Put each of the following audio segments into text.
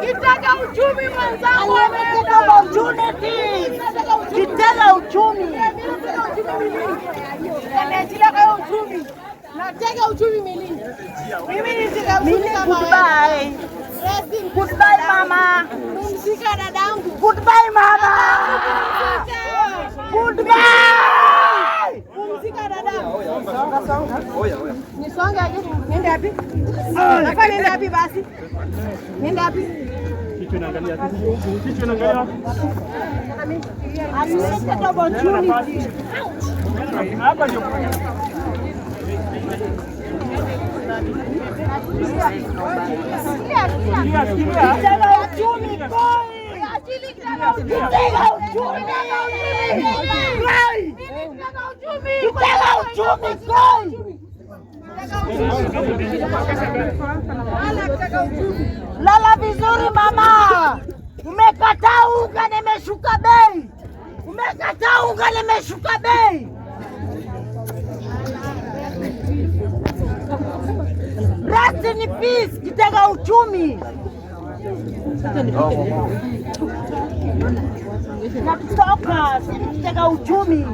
kitega uchumi mwenzangu, kitega uchumi, natega uchumi milini, mimi goodbye. Goodbye mama, mumzika dadangu. Goodbye mama, goodbye, mumzika dadangu. nisonge aje? Niende wapi? Niende wapi basi? Niende wapi? kichwa inaangalia kichwa inaangalia hapa ndio uchumi Lala vizuri mama. Umekataa unga, nimeshuka bei. Umekataa unga, nimeshuka bei. Rest in peace, kitega uchumi. Natutoka kitega uchumi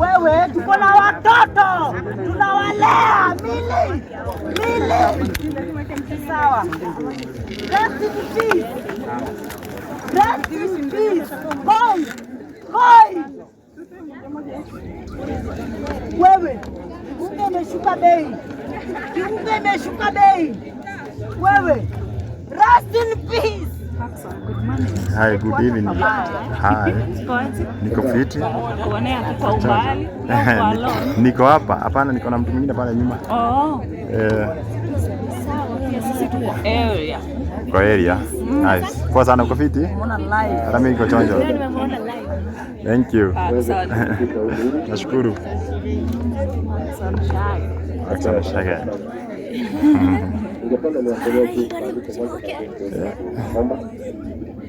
wewe, tuko na watoto tunawalea mili mili, sawa. Wewe kivuko imeshuka bei, kivuko imeshuka bei. Wewe rest in peace. Hi, good evening. Hi. Niko fiti. Niko hapa. Hapana, niko na mtu mwingine pale nyuma. Oh. Eh. Kwa area. Mm. Nice. Poa sana, uko fiti? Hata mimi niko chonjo. Thank you. Ah, Nashukuru. Asante. Asante. Ningependa niwaeleze maandiko moja kwamba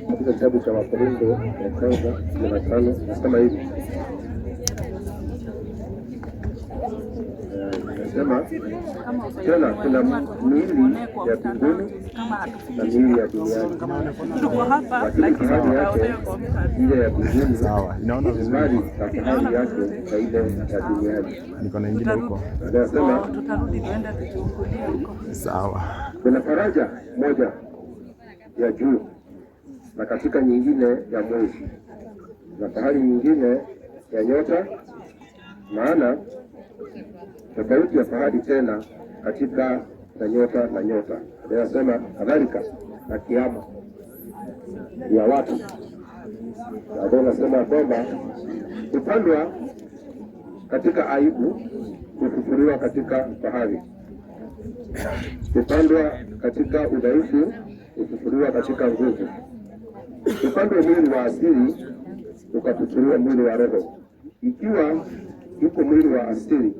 katika kitabu cha Wakorintho wa kwanza sura ya tano nasema hivi Anasema tena kuna miili ya binguni na miili ya duniani, lakini fahari yake ile ya mbinguni ni mali na fahari yake na ile ya duniani. Anasema kuna faraja moja ya juu na katika nyingine ya mwezi na fahari nyingine ya nyota, maana tofauti ya fahadi tena katika na nyota na nyota, Anasema kadhalika na kiama ya watu, ambao nasema kwamba kupandwa katika aibu, kufufuliwa katika fahari, kupandwa katika udhaifu, kufufuliwa katika nguvu, kupandwa mwili wa asili, ukafufuliwa mwili wa roho. Ikiwa iko mwili wa asili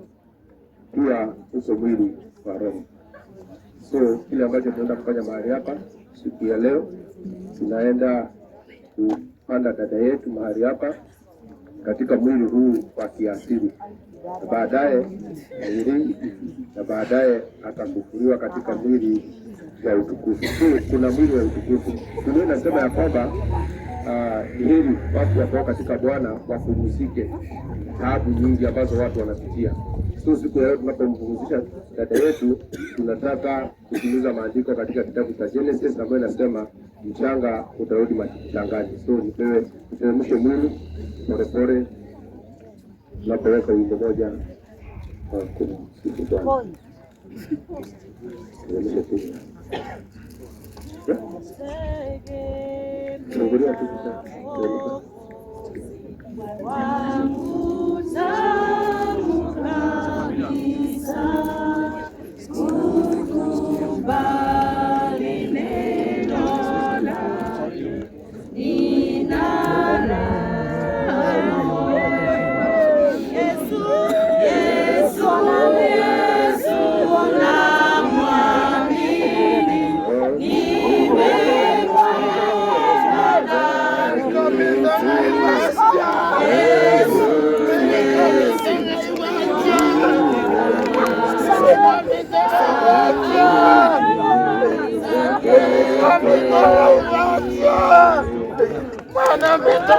pia uko mwili wa roho. So kile ambacho tunaenda kufanya mahali hapa siku ya leo, tunaenda kupanda dada yetu mahali hapa katika mwili huu wa kiasili, na baadaye mwili na baadaye atafufuliwa katika mwili ya utukufu. So kuna mwili wa utukufu. Biblia nasema ya kwamba ah, ni heri watu wakao katika Bwana wapumzike taabu nyingi ambazo watu wanapitia. So siku ya leo tunapomzungumzisha dada yetu, tunataka kutimiza maandiko katika kitabu cha Genesis ambayo inasema mchanga utarudi mchangani. So nipewe niteremshe mwili polepole, tunapoweka wimbo moja love.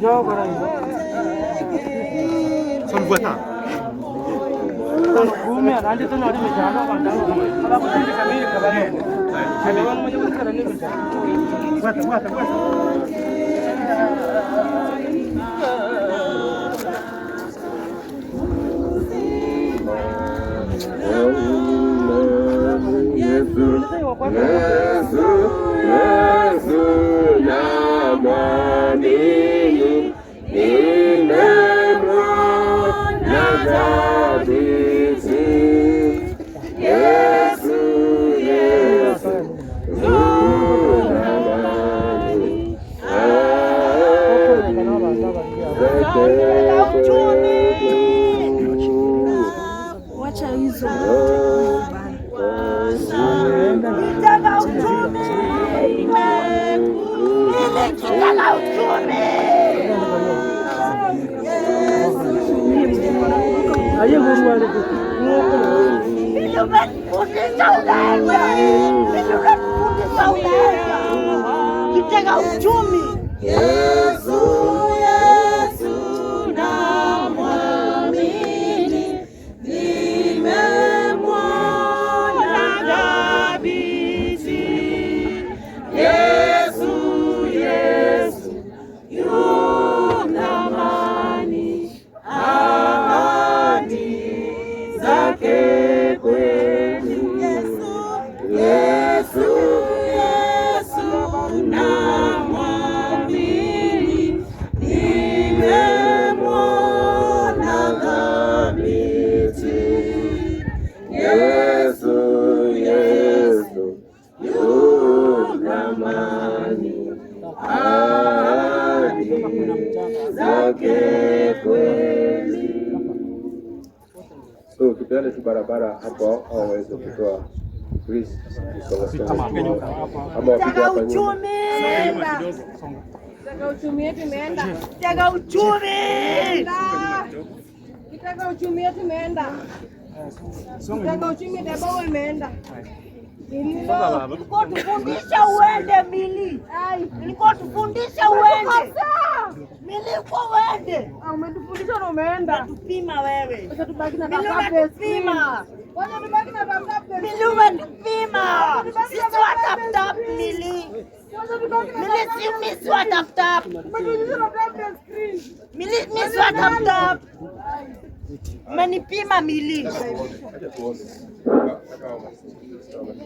Son buenas. Yes, sir. Yes, sir. barabara hapo au waweze kutoa ama uchumi yetu imeenda, uchumi dabo imeenda. Ilikuwa tufundisha uende mili, ilikuwa tufundisha uende mili, kwa uende. Ah, umetufundisha na umeenda tupima wewe, umetupima mili, umetupima sisi wataptap mili misi wataptap misi wataptap, umenipima mili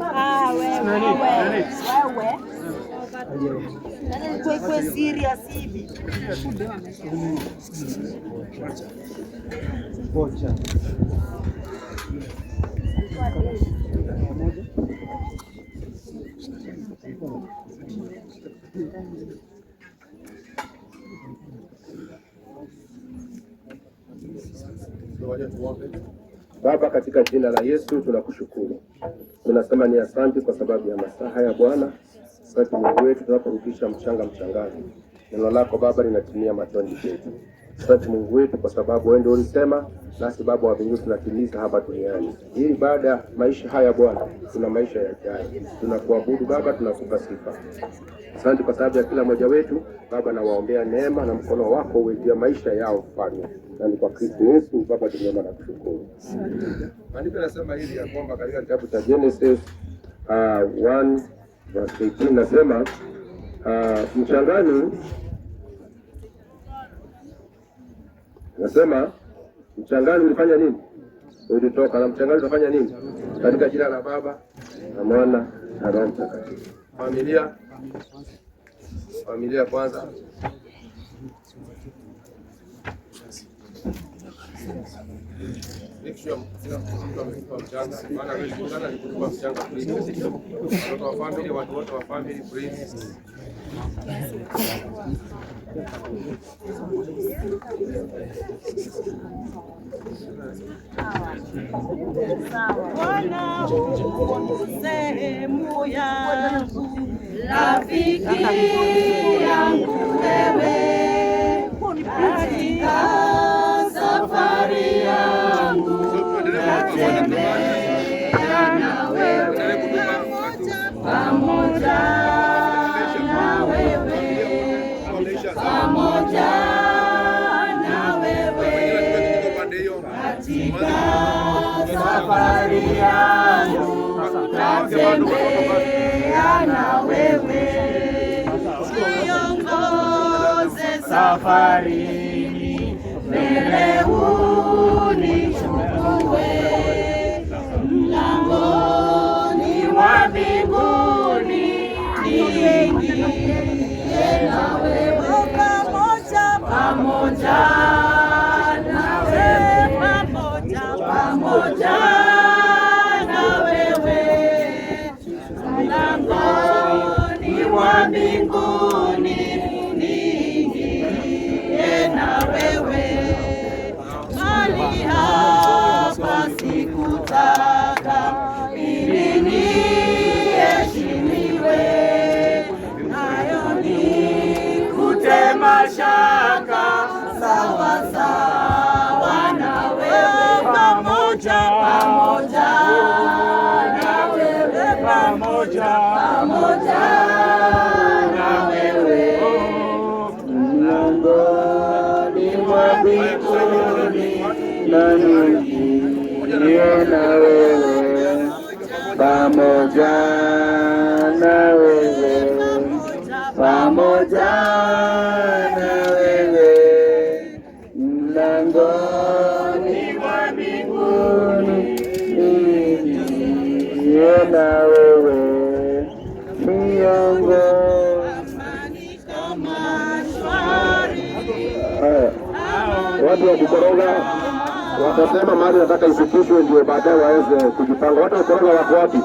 Ah, wewe, wewe. Tuwekwe serious hivi. Bocha. Olha, tu olha. Baba, katika jina la Yesu tunakushukuru, tunasema ni asante kwa sababu ya masaa haya Bwana. Sasa Mungu wetu, tunaporudisha mchanga mchangani, neno lako Baba linatimia matoni yetu. Sasa Mungu wetu kwa sababu wewe ndio ulisema nasi Baba wa mbinguni tunatimiza hapa duniani, ili baada ya maisha haya Bwana tuna maisha yajayo. Tunakuabudu Baba, tunakupa sifa. Asante kwa sababu ya kila mmoja wetu Baba, nawaombea neema na mkono wako uwe juu ya maisha yao Mfalme na ni kwa Kristo Yesu. Baba, tumeomba na kushukuru. Maandiko yanasema hili ya kwamba katika kitabu cha Genesis 1 uh, verse 18 nasema uh, mchangani, nasema mchangani ulifanya nini? Ulitoka na mchangani utafanya nini? Katika jina la Baba na Mwana na Roho Mtakatifu. Familia, familia kwanza Bwana sehemu yangu rafiki safari yangu natembea na wewe, niongoze safarini, mbele unichukue mlangoni wa mbinguni niingie wewe, pamoja na wewe, pamoja na wewe, mlangoni mwa mbinguni, niye na wewe miongo watu wa kukoroga watasema mali nataka ifikishwe, ndio baadaye waweze kujipanga. Watu wakoroga wako wapi?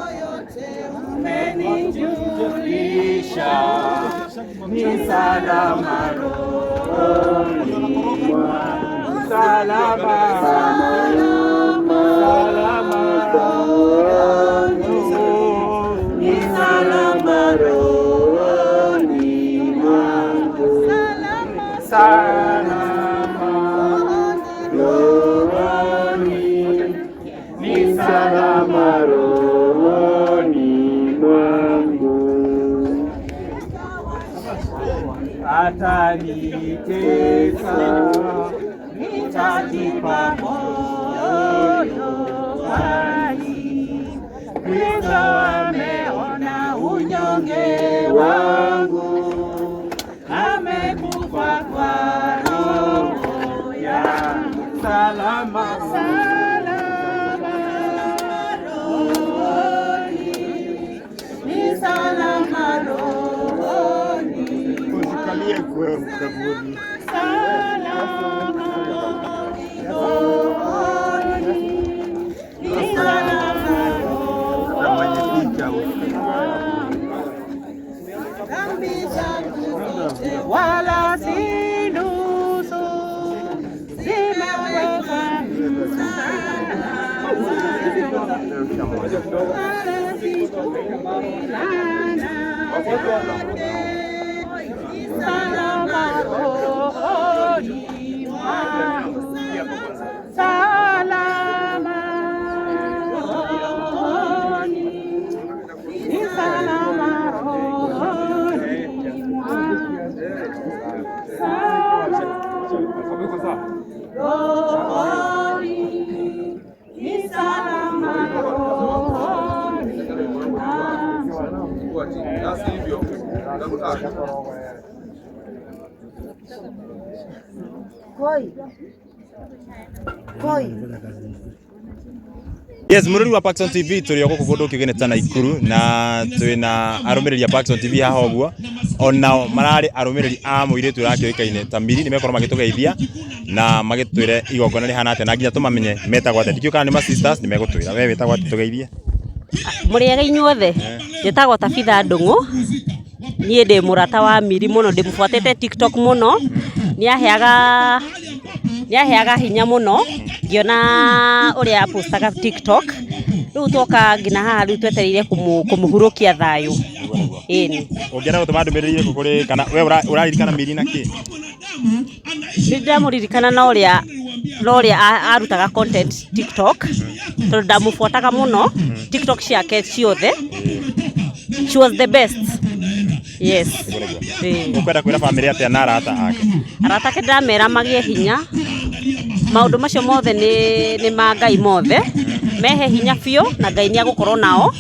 Salama. atanitesa nitajipa moyo wani. Kristo ameona unyonge wangu Daguri. Wala si nusu zimewekwa wala si tulana Sana আমার Yes, mururi wa Paxson TV turi ogå kå gå ndå kä gene tana Ikuru na twä na arå mä rä ri TV ha å ona onao mararä arå mä rä ri a må irä rakä å ikaine ta miri nä mekorwo magä tå geithia na magä twä re igongona rä hana atä na nginya tå mamenye metagwo atä ndikä kana nä ma nä megå twä ra we wä tagwo atä tå geithie må rä ege inyuothe eh. njä tagwo Tabitha Ndung'u niä ndä må rata wa miri må no ndä må buatete tiktok må no nä aheaga nä aheaga hinya må no ngĩona ũrĩa apostaga tiktok rĩu twoka nginya haha rĩu twetereire kũmũhurũkia thayũ ĩni ũngĩenda gũtũma ndũmĩrĩri kũrĩ kana we ũraririkana mĩri na kĩ nĩ ndĩramũririkana na ũrĩa na ũrĩa arutaga content tiktok tondũ ndamũbuataga mũno mm-hmm. tiktok ciake ciothe she was the best yes ukwenda kwira family atia na arata ake arata ake ndamera magie hinya maundu macio mothe ni ma ngai mothe mehe hinya biå na ngai nä agåkorwo nao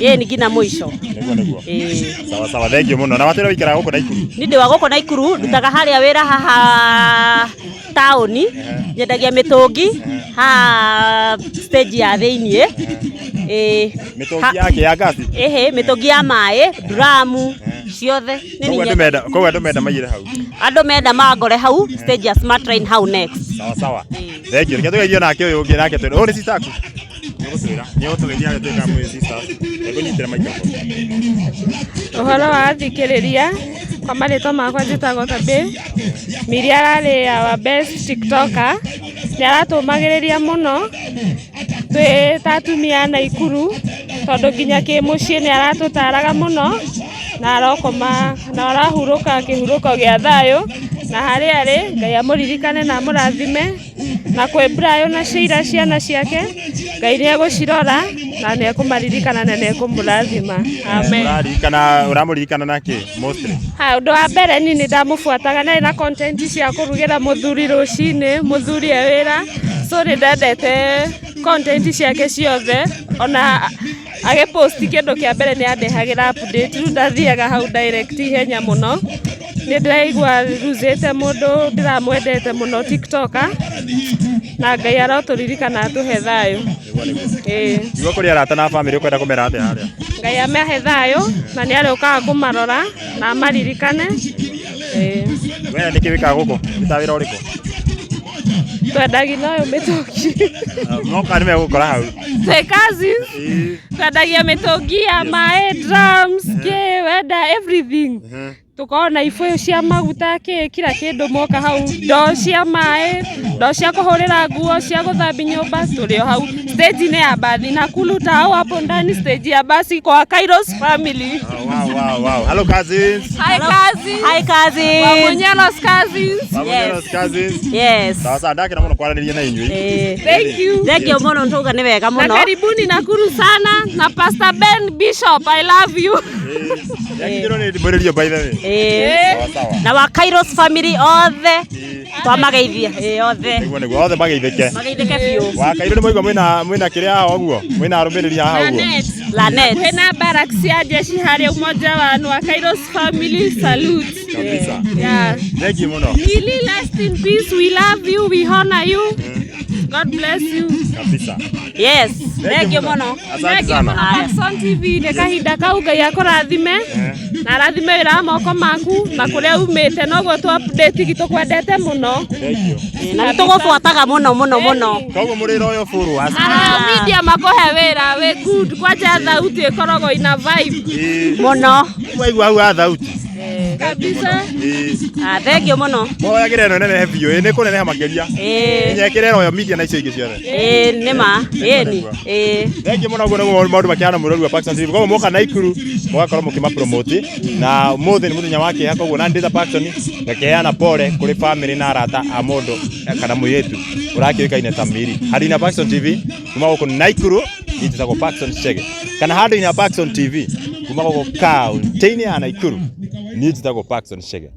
ä ni nginya må sawa sawa thengio må no na watä ra wä gå kå na ikuru wa gå kå na ikuru ndutaga harä a wä ra haha taåni nyendagia mä tå ngi haha stage ya thä iniä Eh, mitungi yake ya gasi ehe mitungi ya maĩ dramu ciothe koguo andũ menda maigire hau andũ menda mangore hau stage ya smart train hau next sawa sawa thengiå reke tå gerio nake å yå å ngä nake tå rå oh, nä uhoro wa athikĩrĩria kwa marĩtwa makwa njĩtagwo Tabitha miri ararĩ our best tiktoker nĩ aratũmagĩrĩria mũno twĩ ta atumia a Naikuru tondũ nginya kĩ mũciĩ nĩ aratũtaraga mũno na arokoma na arahurũka kĩhurũko gĩa thayũ na harĩa arĩ Ngai amũririkane na amũrathime na kwĩ Brian na Sheila ciana ciake Ngai egå cirora na ekå maririkana na nĩ ekũmũrathima amen. Ũraririkana ũramũririkana na kĩ mostly? Ha, wa mbere niĩ nĩ ndamũbuataga na na content cia rå cinä må mũthuri e ra so nä ndendete content ciake ciothe ona ndå kä a mbere nĩ andehagĩra update ndathiaga hau direct ihenya no ni ndĩraigua Ruzete mundu ndiramwendete muno tiktoka na ngai aroturirikana atuhe thayo iguo kuri arata na family ukwenda kumera atia aria ngai amehe thayo na ni ariukaga kumarora na amaririkane wena nä kä wä kaga gå kå nä ta wä ra å rä kå twendagi nayo mä tångi moka ah, nä megåkora hau tekazi twendagia mä tångi ya maä drums kä wenda everything tukona ibũyũ cia maguta kĩ kila kĩndũ moka hau ndoo cia maĩ ndoo cia kũhũrĩra nguo cia gũthambia nyũmba tũrĩ o hau stage ni ya bathi na kuluta au hapo ndani stage ya basi kwa Kairos family. Oh, wow, wow, wow. Hello cousins. Hi cousins. Hi cousins. Wamunyanos cousins. Wamunyanos cousins. Yes. Sawa sawa ndakira mũno kwaranĩria na inyui eh. Thank you. Thank you mũno ntuga nĩ wega mũno. Na karibuni na kuru sana na Pastor Ben Bishop I love you. yes Yakithirwo nĩ ndimũrĩrio by the way. Eh. na wa Kairos family othe twamageithia othe niguo niguo othe mageithike mageithike biũ wa Kairos nĩ mwaigua mwĩna mwĩna kĩrĩa haha ũguo mwĩna arũmĩrĩri haha ũguo Lanet kwĩna barracks ya jeshi hari umoja wa anu wa Kairos family salute kabisa yeah thank you muno really last in peace we love you we honor you mm. God bless you kabisa yes Thengiũ mũno. Attraction TV nĩ kahinda kau Ngai akũrathime na arathime wĩra wa moko maku na kũrĩa umĩte noguo tu update gĩtũkwendete mũno. Na nĩtũgũbuataga mũno mũno mũno. Koguo mũrĩra ũyũ followers. Na media makũhe wĩra wĩ good kwanja thauti ĩkoragwo ina vibe. Mũno. Waigua hau thauti kabisa athengio ah, muno moyagire no nene biu ni kuneneha makiria nyekire ro media na icio ingi ciothe eh ma ni eh thengio muno guo niguo maundu makiana murori wa Paxton TV koguo moka Naikuru mugakorwo mukima promote na muthi ni muthenya wa kiha koguo na ndita Paxton ngakeana pole kuri family na arata a mundu eh, kana muyetu urakiukaine ta miri hari na TV kuma guku Naikuru ititagwo Paxton Chege kana handu-inĩ ha Paxton TV kuma gũkũ kaũntĩ-inĩ ya Naikuru niĩ njĩtagwo Paxton Chege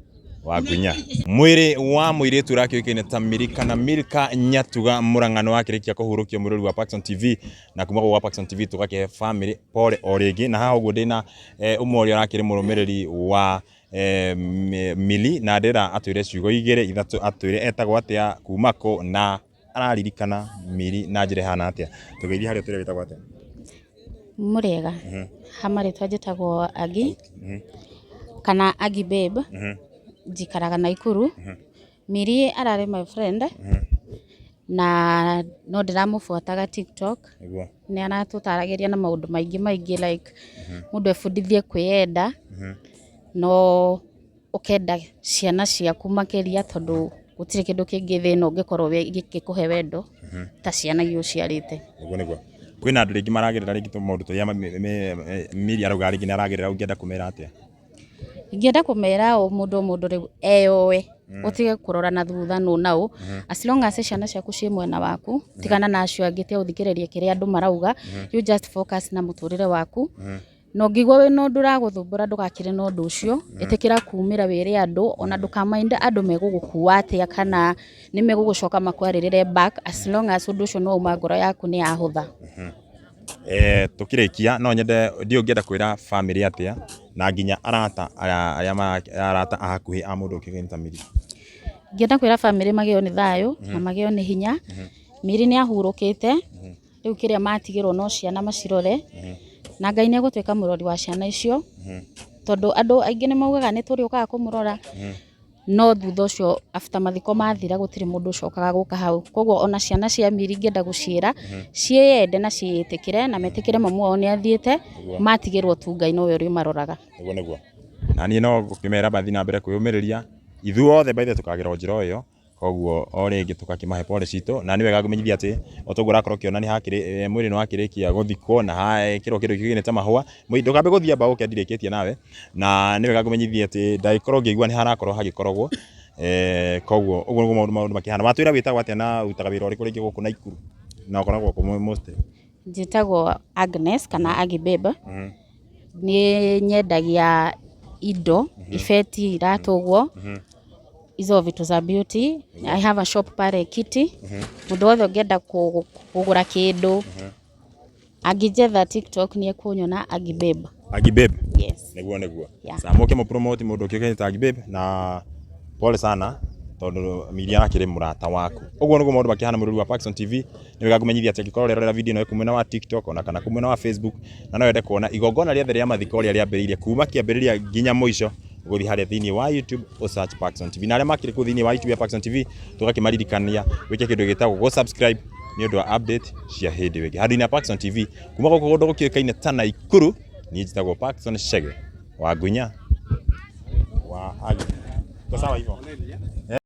wa Gunya mwĩrĩ wa mũirĩtu ũrakĩũĩkaine ta mirika na mirika nyatuga murangano mũrang'ano wakĩrĩkia kũhurũkio mũrũri wa Paxton TV na kuma wa Paxton TV tũgakĩhe family pole oregi rĩngĩ na haha ũguo ndĩna eh, ũmwe ũrĩa ũrakĩrĩ mũrũmĩrĩri wa eh, mili na ndĩra atwĩre ciugo igĩrĩ ithatũ atwĩre etagwo atĩa kuma kũ na araririkana mili na njĩra ihana atĩa tũgĩthiĩ harĩa tũrĩa wĩtagwo atĩa mũrĩega ha mhm. hamari njĩtagwo Agi mhm kana Agi Babe mhm. njikaraga ikuru mhm. Miri arare my friend mhm. na no ndĩramũbuataga TikTok nĩ aratũtaragĩria na maũndũ maingĩ maingĩ like mũndũ ebundithie kwĩyenda no ũkenda ciana ciaku makĩria tondu gũtirĩ kindu kĩngĩ thĩ ĩno ũngĩkorwo gĩgĩkũhe wendo ta ciana iria ũciarĩte kwina nĩguo ringi maragirira ringi maragerera rĩngĩ maũndũ ta rĩrĩa Miri arauga rĩngĩ nĩ aragerera ungienda kũmera atia ingienda kumera o mundu mundu riu eyoe utige mm. kurora na thutha nu nau mm-hmm. as long as ciana ciaku ci mwena waku mm-hmm. tigana na acio angi tia uthikiririe kiria andu marauga mm-hmm. you just focus na muturire waku na ngigwa wina undu uraguthumbura ndugakire na undu ucio itikira kumira wire andu ona ndukamainde andu megugukuwa atia kana ni megugucoka makwaririre back as long as undu ucio no uma ngoro yaku mm -hmm eh tukirikia no nyende ndi ungienda kwira family atia na nginya arata aria arata a hakuhi a mundu ukigimta miri ngienda kwira family mageo ni thayo na mhm. mageo ni hinya miri mhm. ni ahurukite mhm. riu kiria matigirwo no ciana macirore na ngai ni gutweka murori wa ciana icio tondu andu aingi ni maugaga ni turi ukaga kumurora no thutha ũcio after mathiko mathira gũtirĩ mũndũ ũcokaga gũka hau koguo ona ciana cia mĩiri ingĩenda gũciĩra mhm. ciĩyende na ciĩtĩkĩre na metĩkĩre mamu wao nĩ athiĩte matigĩrwo tungai no nowe ũrĩmaroraga ũguo nĩguo na niĩ no ngũkĩmera mathiĩ na mbere kwĩyũmĩrĩria ithuothe baithe the way tũkagera o njĩra o ĩyo koguo o rĩngĩ tũkakimahe policy itũ na nĩ wega kũmenyithia atĩ o toguo ũrakorwo ũkĩona nĩ hakĩrĩ eh, mwĩrĩ nĩ wakĩrĩkia gũthikwo na hekĩrwo eh, kĩndũ kĩngĩ ta mahũa ndũkambe gũthia mbaũ ũkĩandirĩkĩtie nawe na nĩ wega kũmenyithia atĩ ndagĩkorwo ngĩigua nĩ harakorwo hagĩkoragwo eh, koguo ũguo nĩguo maũndũ maũndũ makĩhana watwĩra wĩtagwo atĩa na ũrutaga wĩra ũrĩkũ rĩngĩ gũkũ Naikuru na ũkoragwo kũ mostly njĩtagwo Agnes kana mm-hmm. Agibeba mm-hmm. nĩ nyendagia indo mm-hmm. ibeti iratũ ũguo izo vitu za beauty mm -hmm. I have a shop pale Kiti mundu wothe ungienda kugura kindu angijetha TikTok ni ekunyona Agibabe Agibabe yes niguo niguo yeah. Sa moke mo promote mundu kiuke ta Agibabe na pole sana tondu Miliana kiri murata waku uguo niguo maundu makihana mururi wa Paxson TV ni wega kumenyithia ati angikoro rero video ino kumwena wa TikTok ona kana kumwena wa Facebook na no wende kuona igongona riethe ria mathiko ria riambiriirie kuma kiambiriria nginya muico guri hare thini wa youtube o search Paxson TV na arĩa kire ku thini wa youtube ya Paxson TV tũgakĩmaririkania wĩke kindu gĩtagwo go subscribe ni ũndũ wa update cia hĩndĩ wege handũ-inĩ ya Paxson TV kuma gũkũ gũndũ gũkĩũĩkaine ta Naikuru niĩ njĩtagwo Paxson Chege wa Gunya wa agi sawa hivyo